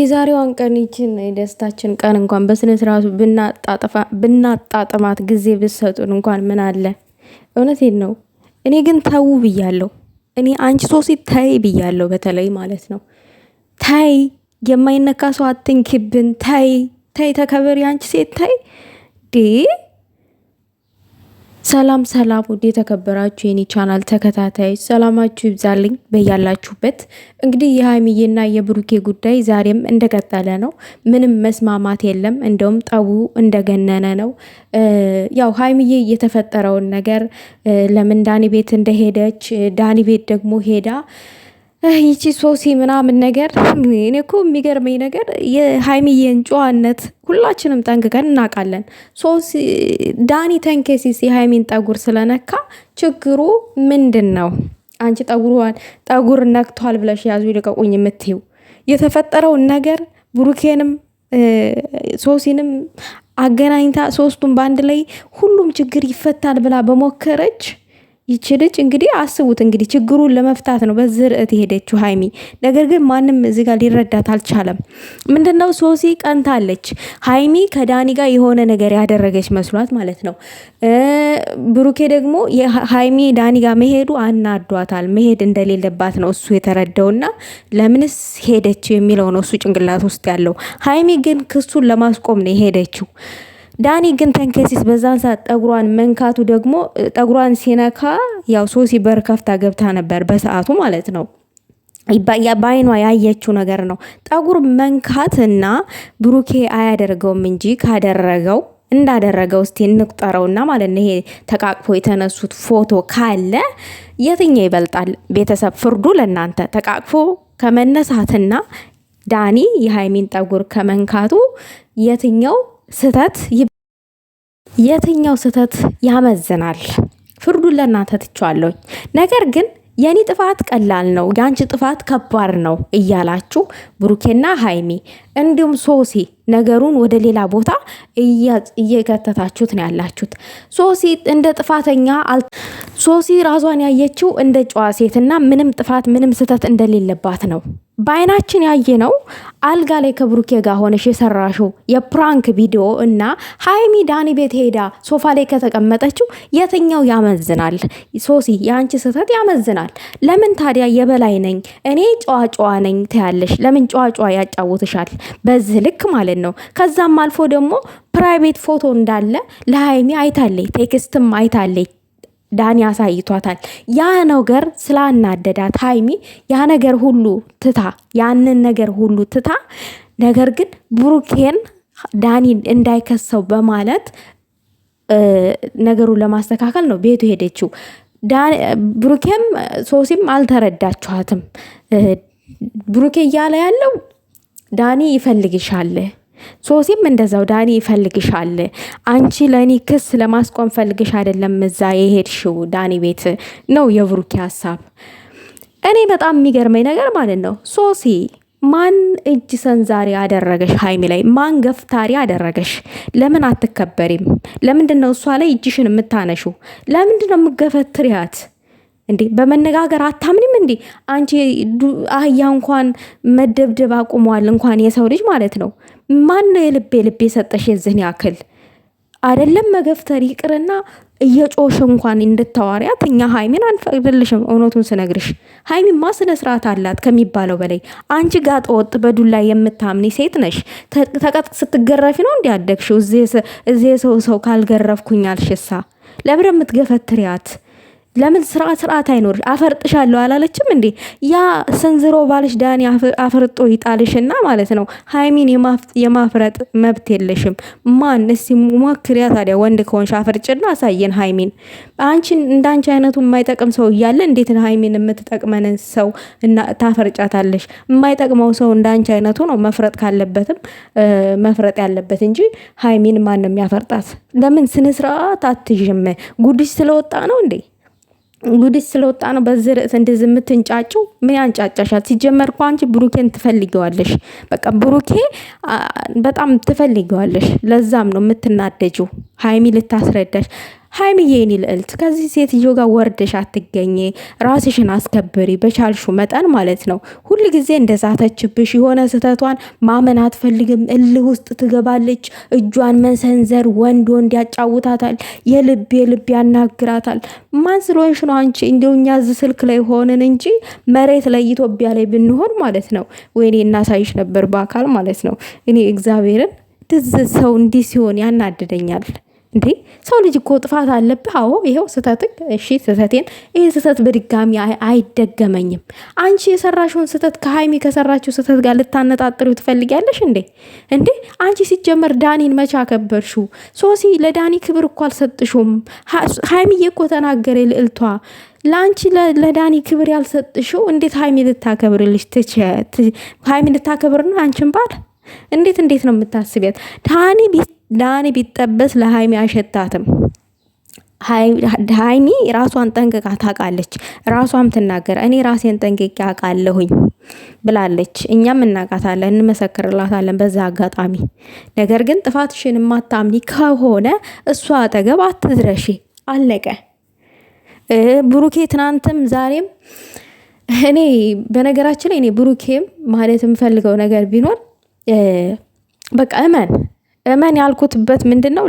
የዛሬዋን ቀን ይችን የደስታችን ቀን እንኳን በስነ ስርዓቱ ብናጣጥማት ጊዜ ብትሰጡን እንኳን ምን አለ። እውነቴን ነው። እኔ ግን ተዉ ብያለሁ። እኔ አንቺ ሶሲ ታይ ብያለሁ። በተለይ ማለት ነው ታይ፣ የማይነካ ሰው አትንኪብን። ታይ ታይ፣ ተከበሪ አንቺ ሴት ታይ ዴ ሰላም ሰላም ውድ የተከበራችሁ የኔ ቻናል ተከታታዮች ሰላማችሁ ይብዛልኝ በያላችሁበት። እንግዲህ የሀይሚዬና የብሩኬ ጉዳይ ዛሬም እንደቀጠለ ነው። ምንም መስማማት የለም። እንደውም ጠቡ እንደገነነ ነው። ያው ሀይሚዬ የተፈጠረውን ነገር ለምን ዳኒ ቤት እንደሄደች ዳኒ ቤት ደግሞ ሄዳ ይቺ ሶሲ ምናምን ነገር እኔ እኮ የሚገርመኝ ነገር የሀይሚዬን ጨዋነት ሁላችንም ጠንቅቀን እናውቃለን። ሶሲ ዳኒ ተንከሲስ የሀይሚን ጠጉር ስለነካ ችግሩ ምንድን ነው? አንቺ ጠጉሯን ጠጉር ነክቷል ብለሽ ያዙ ይልቀቁኝ የምትይው የተፈጠረውን ነገር ብሩኬንም ሶሲንም አገናኝታ ሶስቱም በአንድ ላይ ሁሉም ችግር ይፈታል ብላ በሞከረች ይቺ ልጅ እንግዲህ አስቡት እንግዲህ ችግሩን ለመፍታት ነው በዚህ ርዕት የሄደችው ሀይሚ። ነገር ግን ማንም እዚህ ጋር ሊረዳት አልቻለም። ምንድነው ሶሲ ቀንታለች። ሀይሚ ከዳኒ ጋር የሆነ ነገር ያደረገች መስሏት ማለት ነው። ብሩኬ ደግሞ ሀይሚ ዳኒ ጋር መሄዱ አናዷታል። መሄድ እንደሌለባት ነው እሱ የተረዳውና ለምንስ ሄደች የሚለው ነው እሱ ጭንቅላት ውስጥ ያለው። ሀይሚ ግን ክሱን ለማስቆም ነው የሄደችው። ዳኒ ግን ተንከሲስ በዛን ሰዓት ጠጉሯን መንካቱ ደግሞ ጠጉሯን ሲነካ ያው ሶሲ በር ከፍታ ገብታ ነበር በሰዓቱ ማለት ነው። በአይኗ ያየችው ነገር ነው። ጠጉር መንካትና ብሩኬ አያደርገውም እንጂ ካደረገው እንዳደረገው እስቲ እንቁጠረውና ማለት ነው። ይሄ ተቃቅፎ የተነሱት ፎቶ ካለ የትኛው ይበልጣል? ቤተሰብ ፍርዱ ለእናንተ። ተቃቅፎ ከመነሳትና ዳኒ የሃይሚን ጠጉር ከመንካቱ የትኛው ስህተት የትኛው ስህተት ያመዝናል? ፍርዱን ለእናንተ ነገር ግን የኔ ጥፋት ቀላል ነው፣ የአንቺ ጥፋት ከባድ ነው እያላችሁ ብሩኬና ሀይሚ እንዲሁም ሶሲ ነገሩን ወደ ሌላ ቦታ እየከተታችሁት ነው ያላችሁት። ሶሲ እንደ ጥፋተኛ ሶሲ ራሷን ያየችው እንደ ጨዋ ሴትና ምንም ጥፋት ምንም ስህተት እንደሌለባት ነው። በአይናችን ያየ ነው። አልጋ ላይ ከብሩኬ ጋር ሆነሽ የሰራሽው የፕራንክ ቪዲዮ እና ሀይሚ ዳኒ ቤት ሄዳ ሶፋ ላይ ከተቀመጠችው የትኛው ያመዝናል? ሶሲ የአንቺ ስህተት ያመዝናል። ለምን ታዲያ የበላይ ነኝ እኔ ጨዋ ጨዋ ነኝ ትያለሽ? ለምን ጨዋ ጨዋ ያጫውትሻል? በዚህ ልክ ማለት ነው። ከዛም አልፎ ደግሞ ፕራይቬት ፎቶ እንዳለ ለሀይሚ አይታለይ፣ ቴክስትም አይታለይ ዳኒ አሳይቷታል። ያ ነገር ስላናደዳት ሀይሚ ያ ነገር ሁሉ ትታ ያንን ነገር ሁሉ ትታ ነገር ግን ብሩኬን ዳኒን እንዳይከሰው በማለት ነገሩን ለማስተካከል ነው ቤቱ ሄደችው። ብሩኬም ሶሲም አልተረዳችኋትም። ብሩኬ እያለ ያለው ዳኒ ይፈልግሻል። ሶሲም እንደዛው ዳኒ ይፈልግሻል። አንቺ ለእኔ ክስ ለማስቆም ፈልግሽ አይደለም እዛ የሄድሽው ዳኒ ቤት ነው የብሩኬ ሀሳብ። እኔ በጣም የሚገርመኝ ነገር ማለት ነው ሶሲ ማን እጅ ሰንዛሪ አደረገሽ? ሀይሚ ላይ ማን ገፍታሪ አደረገሽ? ለምን አትከበሪም? ለምንድን ነው እሷ ላይ እጅሽን የምታነሹ? ለምንድን ነው የምገፈትሪያት? እንዴ በመነጋገር አታምንም እንዴ አንቺ? አህያ እንኳን መደብደብ አቁመዋል እንኳን የሰው ልጅ ማለት ነው። ማን ነው የልቤ ልቤ የሰጠሽ የዝህን ያክል አይደለም መገፍተር ይቅርና እየጮሽ እንኳን እንድታዋሪያት እኛ ሀይሚን አንፈቅድልሽም። እውነቱን ስነግርሽ ሀይሚማ ስነ ስርዓት አላት ከሚባለው በላይ። አንቺ ጋጠ ወጥ በዱላ የምታምን ሴት ነሽ። ተቀጥቅ ስትገረፊ ነው እንዲያደግሽው እዚህ ሰው ሰው ካልገረፍኩኛል ሽሳ ለብረ የምትገፈትሪያት? ለምን ስርዓት ስርዓት አይኖር? አፈርጥሻለሁ አላለችም እንዴ? ያ ሰንዝሮ ባልሽ ዳኒ አፈርጦ ይጣልሽና ማለት ነው። ሀይሚን የማፍረጥ መብት የለሽም። ማን እስቲ ሞክሪያ ታዲያ። ወንድ ከሆንሽ አፈርጭና አሳየን ሀይሚን። አንቺን እንዳንቺ አይነቱ የማይጠቅም ሰው እያለ እንዴት ሀይሚን የምትጠቅመንን ሰው ታፈርጫታለሽ? የማይጠቅመው ሰው እንዳንቺ አይነቱ ነው መፍረጥ ካለበትም መፍረጥ ያለበት እንጂ ሀይሚን ማንም ያፈርጣት? ለምን ስነስርዓት አትዥም? ጉድሽ ስለወጣ ነው እንዴ? ጉድሽ ስለወጣ ነው በዚህ ርዕስ እንደዚህ የምትንጫጭው። ምን ያንጫጫሻል? ሲጀመር እኮ አንቺ ብሩኬን ትፈልገዋለሽ። በቃ ብሩኬ በጣም ትፈልገዋለሽ። ለዛም ነው የምትናደጁ። ሀይሚ ልታስረዳሽ ሀይሚዬ የኔ ልዕልት ከዚህ ሴትዮ ጋር ወርደሽ አትገኘ፣ ራስሽን አስከብሪ በቻልሹ መጠን ማለት ነው። ሁል ጊዜ እንደ ዛተችብሽ የሆነ ስህተቷን ማመን አትፈልግም። እልህ ውስጥ ትገባለች። እጇን መሰንዘር ወንድ ወንድ ያጫውታታል። የልብ የልብ ያናግራታል። ማን ስለሆንሽ ነው አንቺ? እንዲያው እኛ እዚህ ስልክ ላይ ሆንን እንጂ መሬት ላይ ኢትዮጵያ ላይ ብንሆን ማለት ነው ወይኔ እናሳይሽ ነበር በአካል ማለት ነው። እኔ እግዚአብሔርን ትዝ ሰው እንዲህ ሲሆን ያናድደኛል። እንዴ ሰው ልጅ እኮ ጥፋት አለብህ። አዎ ይኸው ስህተት፣ እሺ ስህተቴን፣ ይህ ስህተት በድጋሚ አይደገመኝም። አንቺ የሰራሽውን ስህተት ከሀይሚ ከሰራችው ስህተት ጋር ልታነጣጥሪው ትፈልጊያለሽ እንዴ? እንዴ አንቺ ሲጀመር ዳኒን መቼ አከበርሽው? ሶሲ ለዳኒ ክብር እኮ አልሰጥሹም። ሀይሚዬ እኮ ተናገረ ልዕልቷ ለአንቺ ለዳኒ ክብር ያልሰጥሽው እንዴት ሀይሚ ልታከብርልሽ ትች ሀይሚ ልታከብርና አንቺን ባል እንዴት እንዴት ነው የምታስቢያት ዳኒ ዳኒ ቢጠበስ ለሀይሚ አይሸታትም። ሀይሚ ራሷን ጠንቅቃ ታውቃለች። ራሷም ትናገር እኔ ራሴን ጠንቅቄ አውቃለሁኝ ብላለች። እኛም እናውቃታለን፣ እንመሰክርላታለን በዛ አጋጣሚ። ነገር ግን ጥፋትሽን የማታምኒ ከሆነ እሷ አጠገብ አትድረሺ። አለቀ። ብሩኬ ትናንትም ዛሬም እኔ በነገራችን ላይ እኔ ብሩኬም ማለት የምፈልገው ነገር ቢኖር በቃ እመን እመን ያልኩትበት ምንድን ነው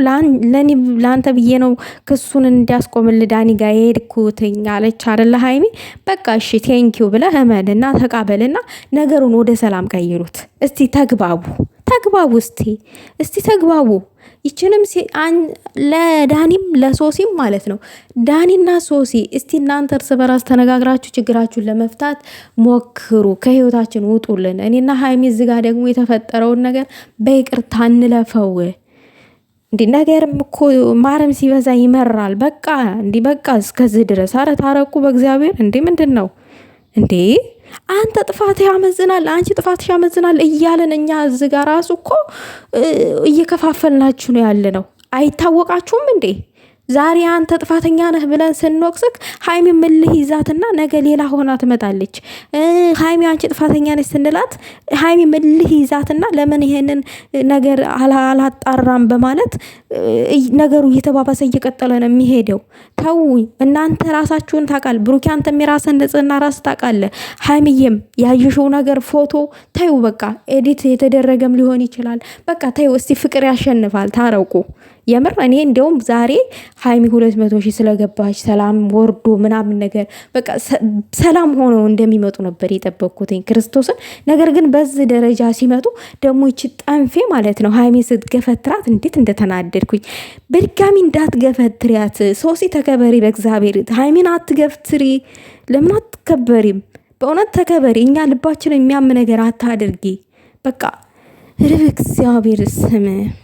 ለአንተ ብዬ ነው ክሱን እንዲያስቆምል ዳኒ ጋር የሄድኩትኝ አለች አደለ ሀይሚ። በቃ እሺ ቴንኪው ብለህ እመንና ተቃበልና ነገሩን ወደ ሰላም ቀይሩት። እስቲ ተግባቡ። ተግባቡ እስቲ እስቲ ተግባቡ። ይችንም ለዳኒም ለሶሲም ማለት ነው። ዳኒና ሶሲ እስቲ እናንተ እርስ በራስ ተነጋግራችሁ ችግራችሁን ለመፍታት ሞክሩ፣ ከህይወታችን ውጡልን። እኔና ሀይሚ ዝጋ ደግሞ የተፈጠረውን ነገር በይቅርታ እንለፈው። እንዲ ነገርም እኮ ማረም ሲበዛ ይመራል። በቃ እንዲ በቃ እስከዚህ ድረስ አረ ታረቁ። በእግዚአብሔር እንዲ ምንድን ነው እንዴ? አንተ ጥፋት ያመዝናል፣ አንቺ ጥፋት ያመዝናል እያለን እኛ እዚህ ጋር ራሱ እኮ እየከፋፈልናችሁ ነው ያለ ነው። አይታወቃችሁም እንዴ? ዛሬ አንተ ጥፋተኛ ነህ ብለን ስንወቅስክ ሀይሚ ምልህ ይዛትና ነገ ሌላ ሆና ትመጣለች። ሀይሚ አንቺ ጥፋተኛ ነች ስንላት ሀይሚ ምልህ ይዛትና ለምን ይሄንን ነገር አላጣራም በማለት ነገሩ እየተባባሰ እየቀጠለ ነው የሚሄደው። ተው እናንተ ራሳችሁን ታውቃል። ብሩኪ አንተም የራስህን ንጽህና ራስ ታውቃለህ። ሀይሚዬም ያየሽው ነገር ፎቶ ተዩ፣ በቃ ኤዲት የተደረገም ሊሆን ይችላል። በቃ ተዩ እስቲ፣ ፍቅር ያሸንፋል። ታረቁ የምር እኔ እንዲያውም ዛሬ ሀይሚ ሁለት መቶ ሺህ ስለገባች ሰላም ወርዶ ምናምን ነገር በቃ ሰላም ሆኖ እንደሚመጡ ነበር የጠበቅኩትኝ ክርስቶስን። ነገር ግን በዚህ ደረጃ ሲመጡ ደግሞ ይች ጠንፌ ማለት ነው ሀይሚ ስትገፈትራት እንዴት እንደተናደድኩኝ። በድጋሚ እንዳትገፈትሪያት ሶሲ ተከበሪ፣ በእግዚአብሔር ሀይሚን አትገፍትሪ። ለምን አትከበሪም? በእውነት ተከበሪ። እኛ ልባችን የሚያም ነገር አታድርጊ። በቃ ርብ እግዚአብሔር ስም